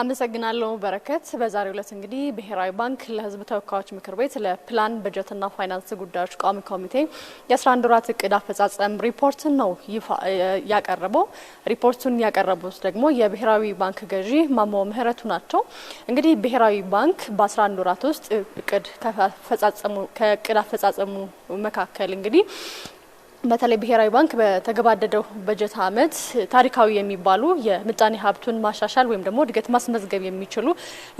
አመሰግናለሁ በረከት። በዛሬው ዕለት እንግዲህ ብሔራዊ ባንክ ለሕዝብ ተወካዮች ምክር ቤት ለፕላን በጀትና ፋይናንስ ጉዳዮች ቋሚ ኮሚቴ የ11 ወራት እቅድ አፈጻጸም ሪፖርትን ነው ያቀረበው። ሪፖርቱን ያቀረቡት ደግሞ የብሔራዊ ባንክ ገዢ ማሞ ምህረቱ ናቸው። እንግዲህ ብሔራዊ ባንክ በ11 ወራት ውስጥ እቅድ ከእቅድ አፈጻጸሙ መካከል እንግዲህ በተለይ ብሔራዊ ባንክ በተገባደደው በጀት ዓመት ታሪካዊ የሚባሉ የምጣኔ ሀብቱን ማሻሻል ወይም ደግሞ እድገት ማስመዝገብ የሚችሉ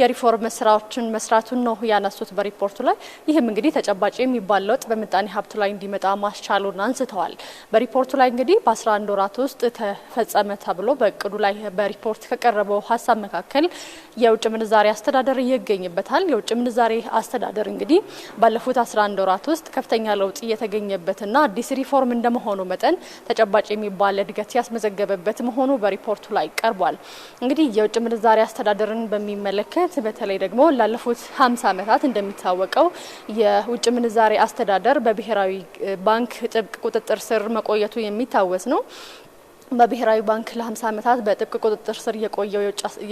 የሪፎርም ስራዎችን መስራቱን ነው ያነሱት በሪፖርቱ ላይ። ይህም እንግዲህ ተጨባጭ የሚባል ለውጥ በምጣኔ ሀብቱ ላይ እንዲመጣ ማስቻሉን አንስተዋል። በሪፖርቱ ላይ እንግዲህ በ11 ወራት ውስጥ ተፈጸመ ተብሎ በእቅዱ ላይ በሪፖርት ከቀረበው ሀሳብ መካከል የውጭ ምንዛሬ አስተዳደር ይገኝበታል። የውጭ ምንዛሬ አስተዳደር እንግዲህ ባለፉት 11 ወራት ውስጥ ከፍተኛ ለውጥ እየተገኘበትና አዲስ ሪፎርም እንደመሆኑ መጠን ተጨባጭ የሚባል እድገት ያስመዘገበበት መሆኑ በሪፖርቱ ላይ ቀርቧል። እንግዲህ የውጭ ምንዛሪ አስተዳደርን በሚመለከት በተለይ ደግሞ ላለፉት 50 ዓመታት እንደሚታወቀው የውጭ ምንዛሪ አስተዳደር በብሔራዊ ባንክ ጥብቅ ቁጥጥር ስር መቆየቱ የሚታወስ ነው። በብሔራዊ ባንክ ለ50 ዓመታት በጥብቅ ቁጥጥር ስር የቆየው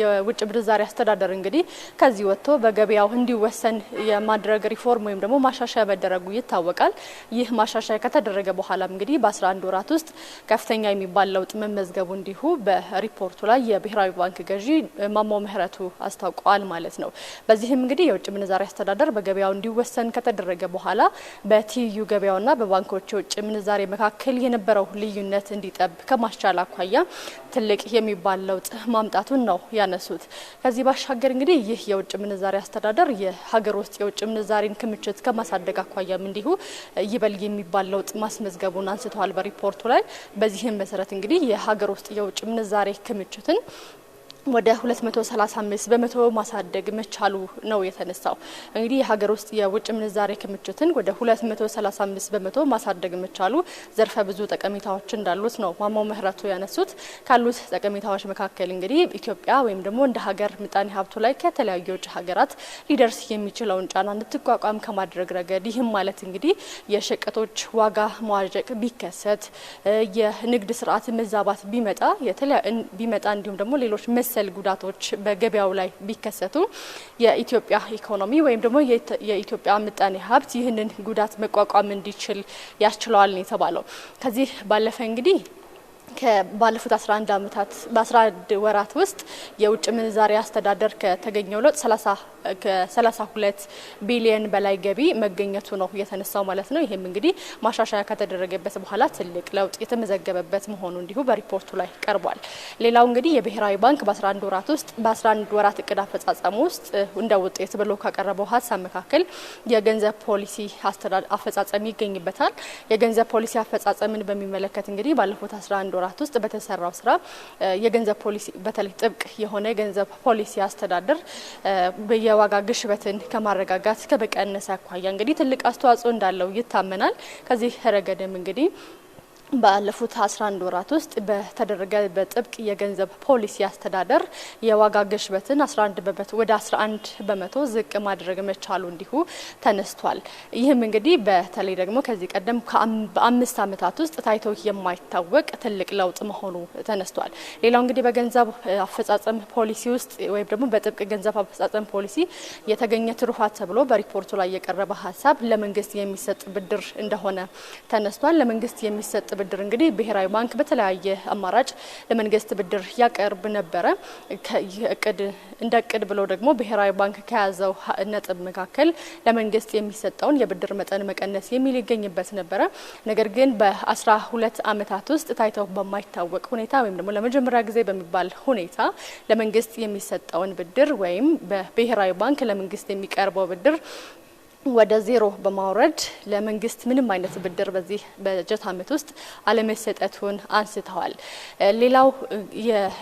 የውጭ ምንዛሪ አስተዳደር እንግዲህ ከዚህ ወጥቶ በገበያው እንዲወሰን የማድረግ ሪፎርም ወይም ደግሞ ማሻሻያ መደረጉ ይታወቃል። ይህ ማሻሻያ ከተደረገ በኋላም እንግዲህ በ11 ወራት ውስጥ ከፍተኛ የሚባል ለውጥ መመዝገቡ እንዲሁ በሪፖርቱ ላይ የብሔራዊ ባንክ ገዢ ማሞ ምህረቱ አስታውቀዋል ማለት ነው። በዚህም እንግዲህ የውጭ ምንዛሪ አስተዳደር በገበያው እንዲወሰን ከተደረገ በኋላ በትይዩ ገበያውና በባንኮች የውጭ ምንዛሬ መካከል የነበረው ልዩነት እንዲጠብ ከማሻ ከማስቻል አኳያ ትልቅ የሚባል ለውጥ ማምጣቱን ነው ያነሱት። ከዚህ ባሻገር እንግዲህ ይህ የውጭ ምንዛሬ አስተዳደር የሀገር ውስጥ የውጭ ምንዛሬን ክምችት ከማሳደግ አኳያም እንዲሁ ይበል የሚባል ለውጥ ማስመዝገቡን አንስተዋል በሪፖርቱ ላይ። በዚህም መሰረት እንግዲህ የሀገር ውስጥ የውጭ ምንዛሬ ክምችትን ወደ 235 በመቶ ማሳደግ መቻሉ ነው የተነሳው። እንግዲህ የሀገር ውስጥ የውጭ ምንዛሬ ክምችትን ወደ 235 በመቶ ማሳደግ መቻሉ ዘርፈ ብዙ ጠቀሜታዎች እንዳሉት ነው ማማው ምህረቱ ያነሱት። ካሉት ጠቀሜታዎች መካከል እንግዲህ ኢትዮጵያ ወይም ደግሞ እንደ ሀገር ምጣኔ ሀብቱ ላይ ከተለያዩ የውጭ ሀገራት ሊደርስ የሚችለውን ጫና እንድትቋቋም ከማድረግ ረገድ ይህም ማለት እንግዲህ የሸቀጦች ዋጋ መዋዠቅ ቢከሰት፣ የንግድ ስርዓት መዛባት ቢመጣ ቢመጣ እንዲሁም ደግሞ ሌሎች መስ መሰል ጉዳቶች በገበያው ላይ ቢከሰቱ የኢትዮጵያ ኢኮኖሚ ወይም ደግሞ የኢትዮጵያ ምጣኔ ሀብት ይህንን ጉዳት መቋቋም እንዲችል ያስችለዋል ነው የተባለው። ከዚህ ባለፈ እንግዲህ ከባለፉት 11 ዓመታት በ11 ወራት ውስጥ የውጭ ምንዛሪ አስተዳደር ከተገኘው ለውጥ 32 ቢሊየን በላይ ገቢ መገኘቱ ነው የተነሳው ማለት ነው። ይህም እንግዲህ ማሻሻያ ከተደረገበት በኋላ ትልቅ ለውጥ የተመዘገበበት መሆኑ እንዲሁ በሪፖርቱ ላይ ቀርቧል። ሌላው እንግዲህ የብሔራዊ ባንክ በ11 ወራት ውስጥ በ11 ወራት እቅድ አፈጻጸሙ ውስጥ እንደ ውጤት ብሎ ካቀረበው ሀሳብ መካከል የገንዘብ ፖሊሲ አፈጻጸም ይገኝበታል። የገንዘብ ፖሊሲ አፈጻጸምን በሚመለከት እንግዲህ ባለፉት 11 በአንድ ወራት ውስጥ በተሰራው ስራ የገንዘብ ፖሊሲ በተለይ ጥብቅ የሆነ የገንዘብ ፖሊሲ አስተዳደር የዋጋ ግሽበትን ከማረጋጋት ከመቀነስ አኳያ እንግዲህ ትልቅ አስተዋጽኦ እንዳለው ይታመናል። ከዚህ ረገድም እንግዲህ ባለፉት 11 ወራት ውስጥ በተደረገ በጥብቅ የገንዘብ ፖሊሲ አስተዳደር የዋጋ ግሽበትን 11 በመቶ ወደ 11 በመቶ ዝቅ ማድረግ መቻሉ እንዲሁ ተነስቷል። ይህም እንግዲህ በተለይ ደግሞ ከዚህ ቀደም በአምስት ዓመታት ውስጥ ታይቶ የማይታወቅ ትልቅ ለውጥ መሆኑ ተነስቷል። ሌላው እንግዲህ በገንዘብ አፈጻጸም ፖሊሲ ውስጥ ወይም ደግሞ በጥብቅ ገንዘብ አፈጻጸም ፖሊሲ የተገኘ ትሩፋት ተብሎ በሪፖርቱ ላይ የቀረበ ሀሳብ ለመንግስት የሚሰጥ ብድር እንደሆነ ተነስቷል። ለመንግስት የሚሰጥ ብድር እንግዲህ ብሔራዊ ባንክ በተለያየ አማራጭ ለመንግስት ብድር ያቀርብ ነበረ። እቅድ እንደ እቅድ ብሎ ደግሞ ብሔራዊ ባንክ ከያዘው ነጥብ መካከል ለመንግስት የሚሰጠውን የብድር መጠን መቀነስ የሚል ይገኝበት ነበረ። ነገር ግን በአስራ ሁለት አመታት ውስጥ ታይተው በማይታወቅ ሁኔታ ወይም ደግሞ ለመጀመሪያ ጊዜ በሚባል ሁኔታ ለመንግስት የሚሰጠውን ብድር ወይም በብሔራዊ ባንክ ለመንግስት የሚቀርበው ብድር ወደ ዜሮ በማውረድ ለመንግስት ምንም አይነት ብድር በዚህ በጀት ዓመት ውስጥ አለመሰጠቱን አንስተዋል። ሌላው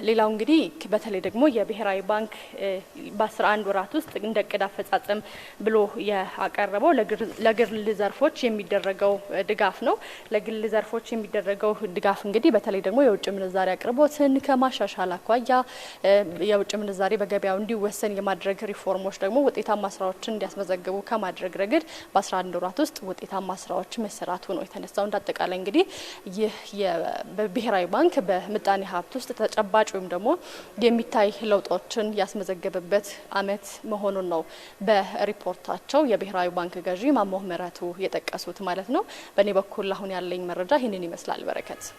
ሌላው እንግዲህ በተለይ ደግሞ የብሔራዊ ባንክ በ11 ወራት ውስጥ እንደ እቅድ አፈጻጸም ብሎ ያቀረበው ለግል ዘርፎች የሚደረገው ድጋፍ ነው። ለግል ዘርፎች የሚደረገው ድጋፍ እንግዲህ በተለይ ደግሞ የውጭ ምንዛሪ አቅርቦትን ከማሻሻል አኳያ የውጭ ምንዛሪ በገበያው እንዲወሰን የማድረግ ሪፎርሞች ደግሞ ውጤታማ ስራዎችን እንዲያስመዘግቡ ከማድረግ በማድረግ ረገድ በ11 ወራት ውስጥ ውጤታማ ስራዎች መሰራቱ ነው የተነሳው። እንዳጠቃላይ እንግዲህ ይህ በብሔራዊ ባንክ በምጣኔ ሀብት ውስጥ ተጨባጭ ወይም ደግሞ የሚታይ ለውጦችን ያስመዘገበበት አመት መሆኑን ነው በሪፖርታቸው የብሔራዊ ባንክ ገዢ ማሞህ ምህረቱ የጠቀሱት ማለት ነው። በእኔ በኩል አሁን ያለኝ መረጃ ይህንን ይመስላል። በረከት